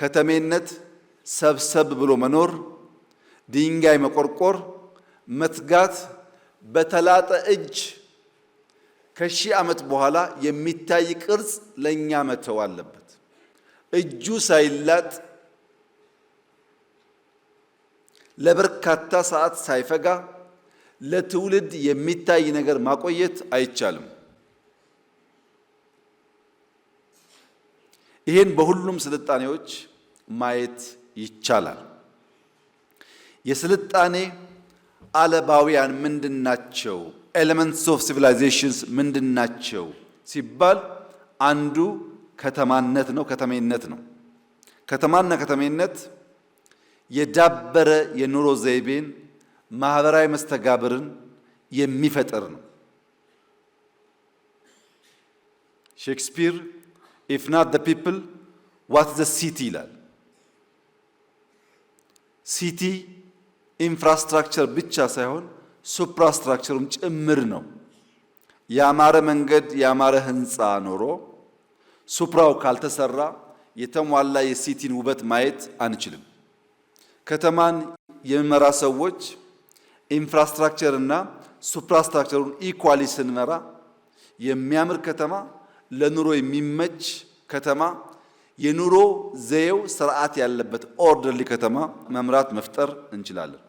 ከተሜነት፣ ሰብሰብ ብሎ መኖር፣ ድንጋይ መቆርቆር፣ መትጋት በተላጠ እጅ ከሺህ ዓመት በኋላ የሚታይ ቅርጽ ለእኛ መተው አለበት። እጁ ሳይላጥ ለበርካታ ሰዓት ሳይፈጋ ለትውልድ የሚታይ ነገር ማቆየት አይቻልም። ይህን በሁሉም ስልጣኔዎች ማየት ይቻላል። የስልጣኔ አለባውያን ምንድናቸው? ኤሌመንትስ ኦፍ ሲቪላይዜሽንስ ምንድናቸው ሲባል አንዱ ከተማነት ነው፣ ከተሜነት ነው። ከተማና ከተሜነት የዳበረ የኑሮ ዘይቤን ማህበራዊ መስተጋብርን የሚፈጥር ነው። ሼክስፒር ኢፍ ናት ዘ ፒፕል ዋት ዘ ሲቲ ይላል። ሲቲ ኢንፍራስትራክቸር ብቻ ሳይሆን ሱፕራስትራክቸሩም ጭምር ነው። ያማረ መንገድ ያማረ ህንፃ ኖሮ ሱፕራው ካልተሰራ የተሟላ የሲቲን ውበት ማየት አንችልም። ከተማን የሚመራ ሰዎች ኢንፍራስትራክቸርና ሱፕራስትራክቸሩን ኢኳሊ ስንመራ የሚያምር ከተማ ለኑሮ የሚመች ከተማ የኑሮ ዘየው ስርዓት ያለበት ኦርደርሊ ከተማ መምራት መፍጠር እንችላለን።